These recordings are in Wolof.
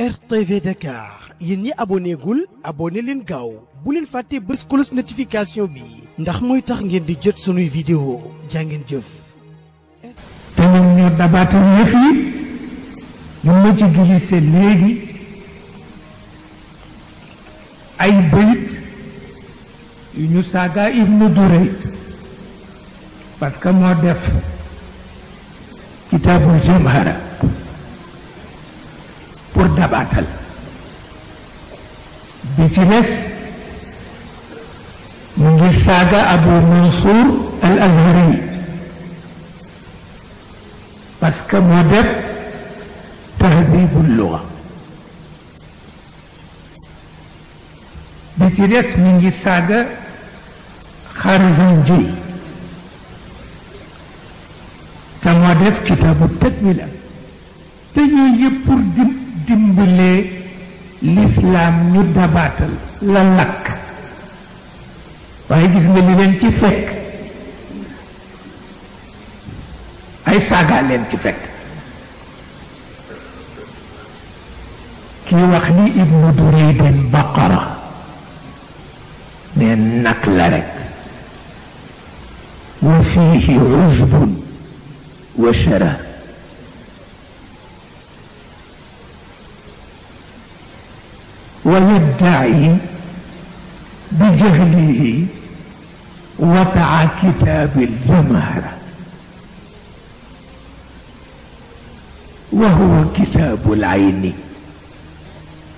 RTV Dakar yéen ñi abonné gul abonné leen gaaw bu leen fàtte bés cloche notification bi ndax mooy tax ngeen di jët sunuy vidéo jàngeen jëf te ñoom ñoo dabaatal yëf yi ñu saaga Ibnu Duray parce que moo def kitaabul Jamhara gabatar بجلس من السادة أبو منصور الأزهري بس كمدب تهذيب اللغة بجلس من السادة خارزنجي تمدب كتاب التكملة تجي يبور dimbalé l'islam ñu dabatal la lak waaye gis nga li leen ci fekk ay saga leen ci fekk ki wax ni ibnu durayd dureydin baqara ne nak la rek wa fihi uzbun wa sharar ويدعي بجهله وضع كتاب الجمارة وهو كتاب العين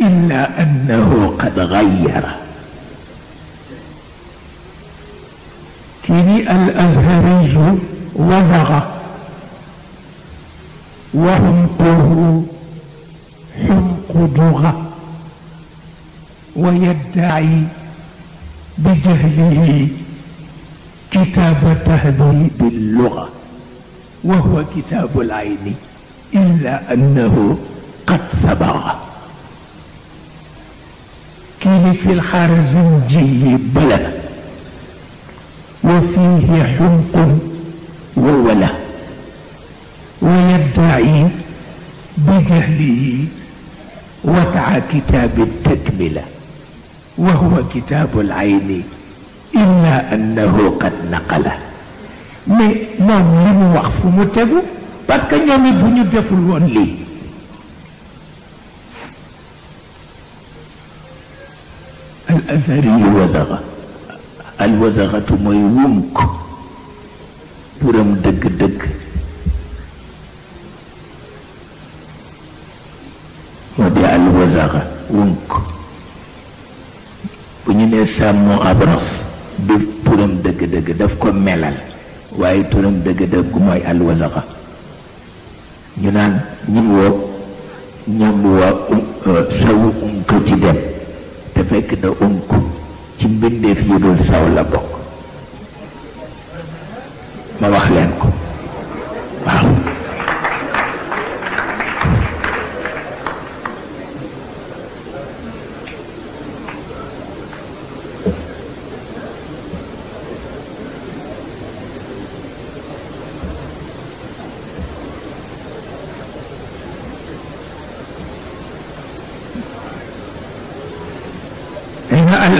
إلا أنه قد غير كني الأزهري وضغ وهمقه حمق دغة ويدعي بجهله كتاب تهذيب اللغة وهو كتاب العين إلا أنه قد ثبر في الخارزنجي بلى وفيه حمق وولى ويدعي بجهله وقع كتاب التكمله وهو كتاب العين إلا أنه قد نقله مي مام لم وقف متغو بات كان يامي بنيو دفل وان لي الأثري وزغة الوزغة ميومك برم دق دق ndeysaan moo ab rof du turam dëgg-dëgg daf ko melal waaye turam dëgg-dëgg mooy alwasaxa ñu naan ñim woo ñam waa um, euh, sawu unk ci dem te fekk na unk ci mbindeef yi dul saw la bokk ma wax leen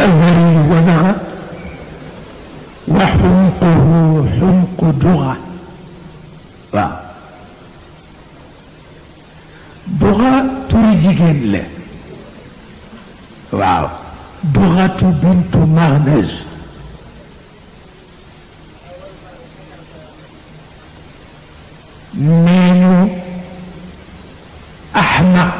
الأزهري ولغة وحمقه حمق دغة دغة تريجين له waaw بنت bintu Maxnaz أحمق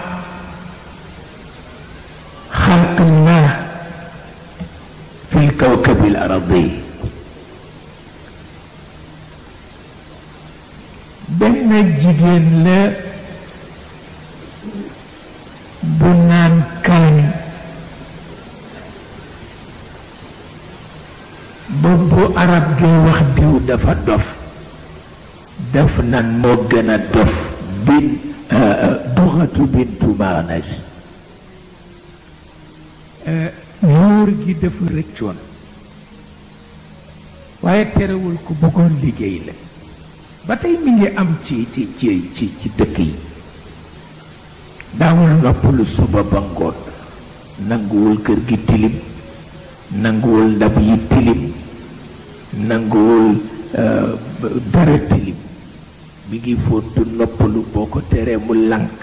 benn jigéen la bu naan kaani boobu arab gi wax diw dafa dof def nan moo gën a dof bin euh, euh, duxatu bintu maanas ñuur euh, gi dafa rëccoon waaye terewul ko bëggoon liggéey la ba tey mi ngi am ci ci ci dëkk yi daawul noppalu suba ba ngoon nanguwul kër gi tilim nanguwul ndab yi tilim nanguwul euh, dara tilim mi ngi fóotu noppalu boo ko teree mu lànk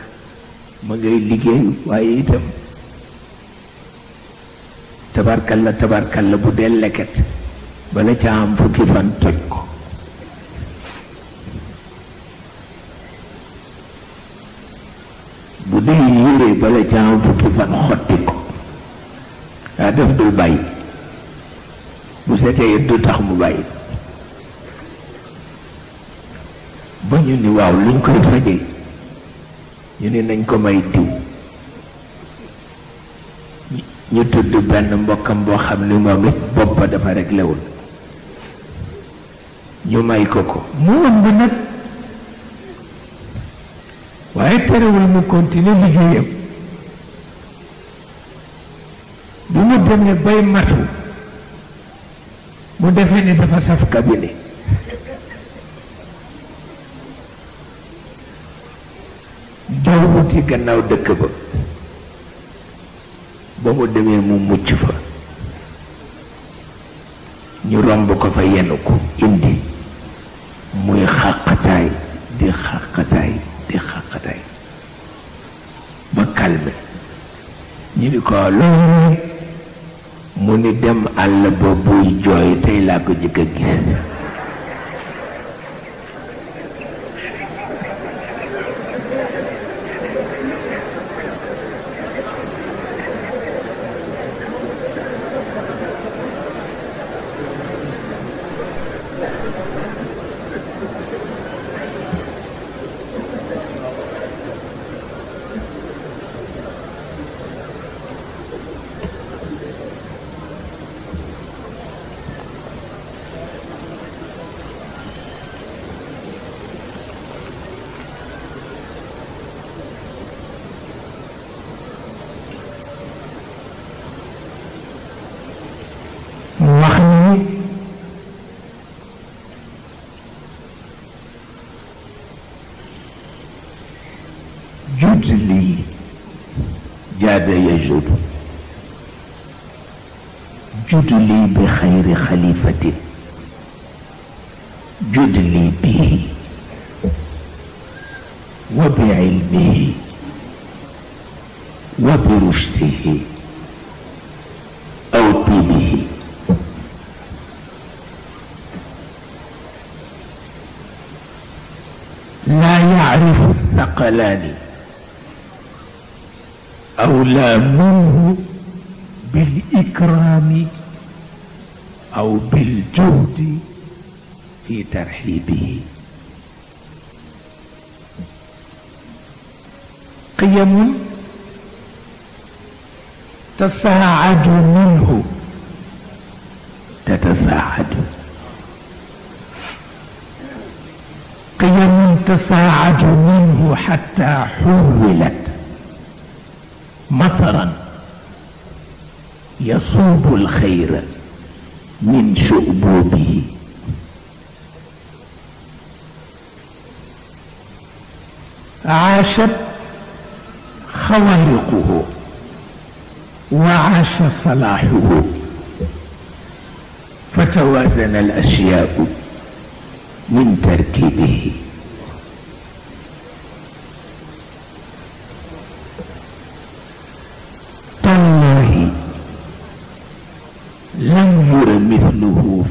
ma ngay liggéeyu waaye itam la tabarkalla tabarkalla bu dee leket bala ca am fukki fan toj ko def dul bàyyi bu seetee du tax mu bàyyi ba ñu ni waaw luñ koy fajee ñu ni nañ ko may diw ñu tudd benn mbokkam boo xam ni moom it bopp ba dafa rek lewul ñu may ko ko mu ëmb nag waaye terewul mu continuer liggéeyam bu mu demee bay matu mu defee ni dafa saf kabine daw wuti gannaaw dëkk ba ba mu demee mu mucc fa ñu romb ko fa yenu ko indi muy xàqataay di xàqataay di xàqataay ba kalme ñu ni ko loolu mu ni dem àll ba buy jooy tey laa ko jëkk a gis هذا يجد جد لي بخير خليفة جد لي به وبعلمه وبرشده أو طيبه لا يعرف الثقلان أولى منه بالإكرام أو بالجهد في ترحيبه قيم تساعد منه تتساعد قيم تساعد منه حتى حولت مثرا يصوب الخير من شؤبوبه عاشت خوارقه وعاش صلاحه فتوازن الاشياء من تركيبه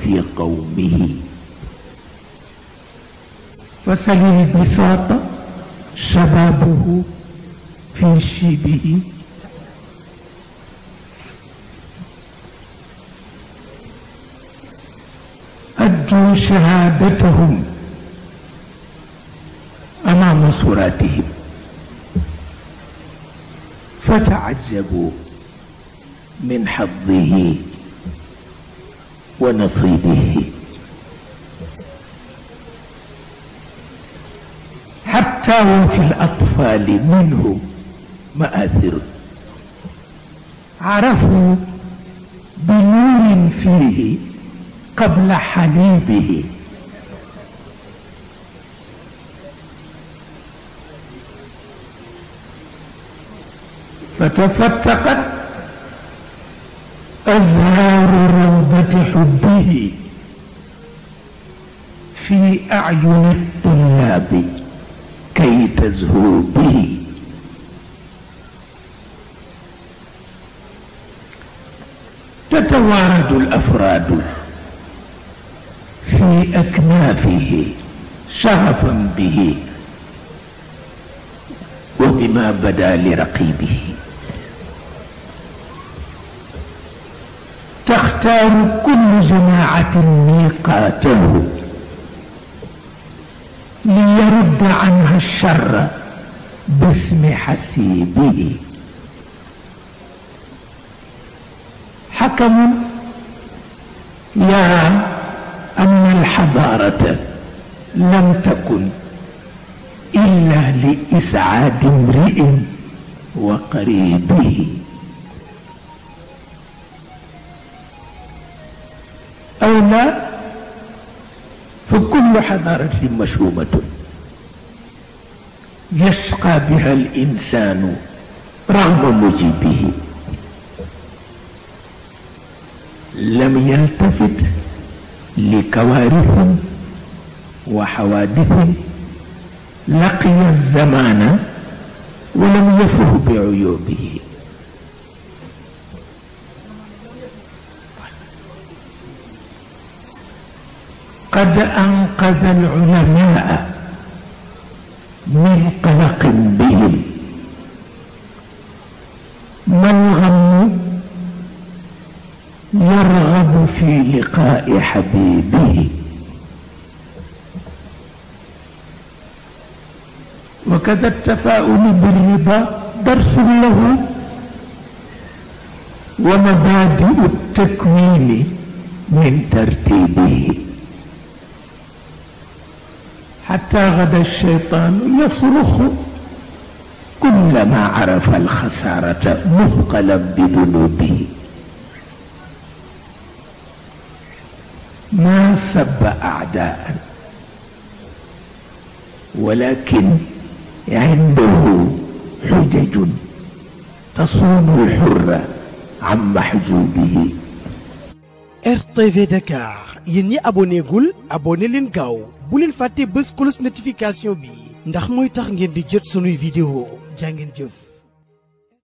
في قومه وسلم البساط شبابه في شيبه أدوا شهادتهم أمام صوراتهم فتعجبوا من حظه ونصيبه حتى وفي الأطفال منهم مآثر عرفوا بنور فيه قبل حليبه فتفتقت أزهار الروح حبه في أعين الطلاب كي تزهو به تتوارد الأفراد في أكنافه شغفا به وبما بدا لرقيبه يختار كل جماعة ميقاته ليرد عنها الشر باسم حسيبه حكم يرى أن الحضارة لم تكن إلا لإسعاد امرئ وقريبه الله فكل حضارة مشومة يسقى بها الإنسان رغم مجيبه لم يلتفت لكوارث وحوادث لقي الزمان ولم يفه بعيوبه قد أنقذ العلماء من قلق بهم ما الغم يرغب في لقاء حبيبه وكذا التفاؤل بالرضا درس له ومبادئ التكوين من ترتيبه حتى غدا الشيطان يصرخ كلما عرف الخسارة مثقلا بذنوبه ما سب أعداء ولكن عنده حجج تصون الحر عن محجوبه ارطي في yéen ñi aboneegul gul leen gaaw bu leen fàttee bés cloche notification bi ndax mooy tax ngeen di jot sunuy vidéo jàngeen ngeen jëf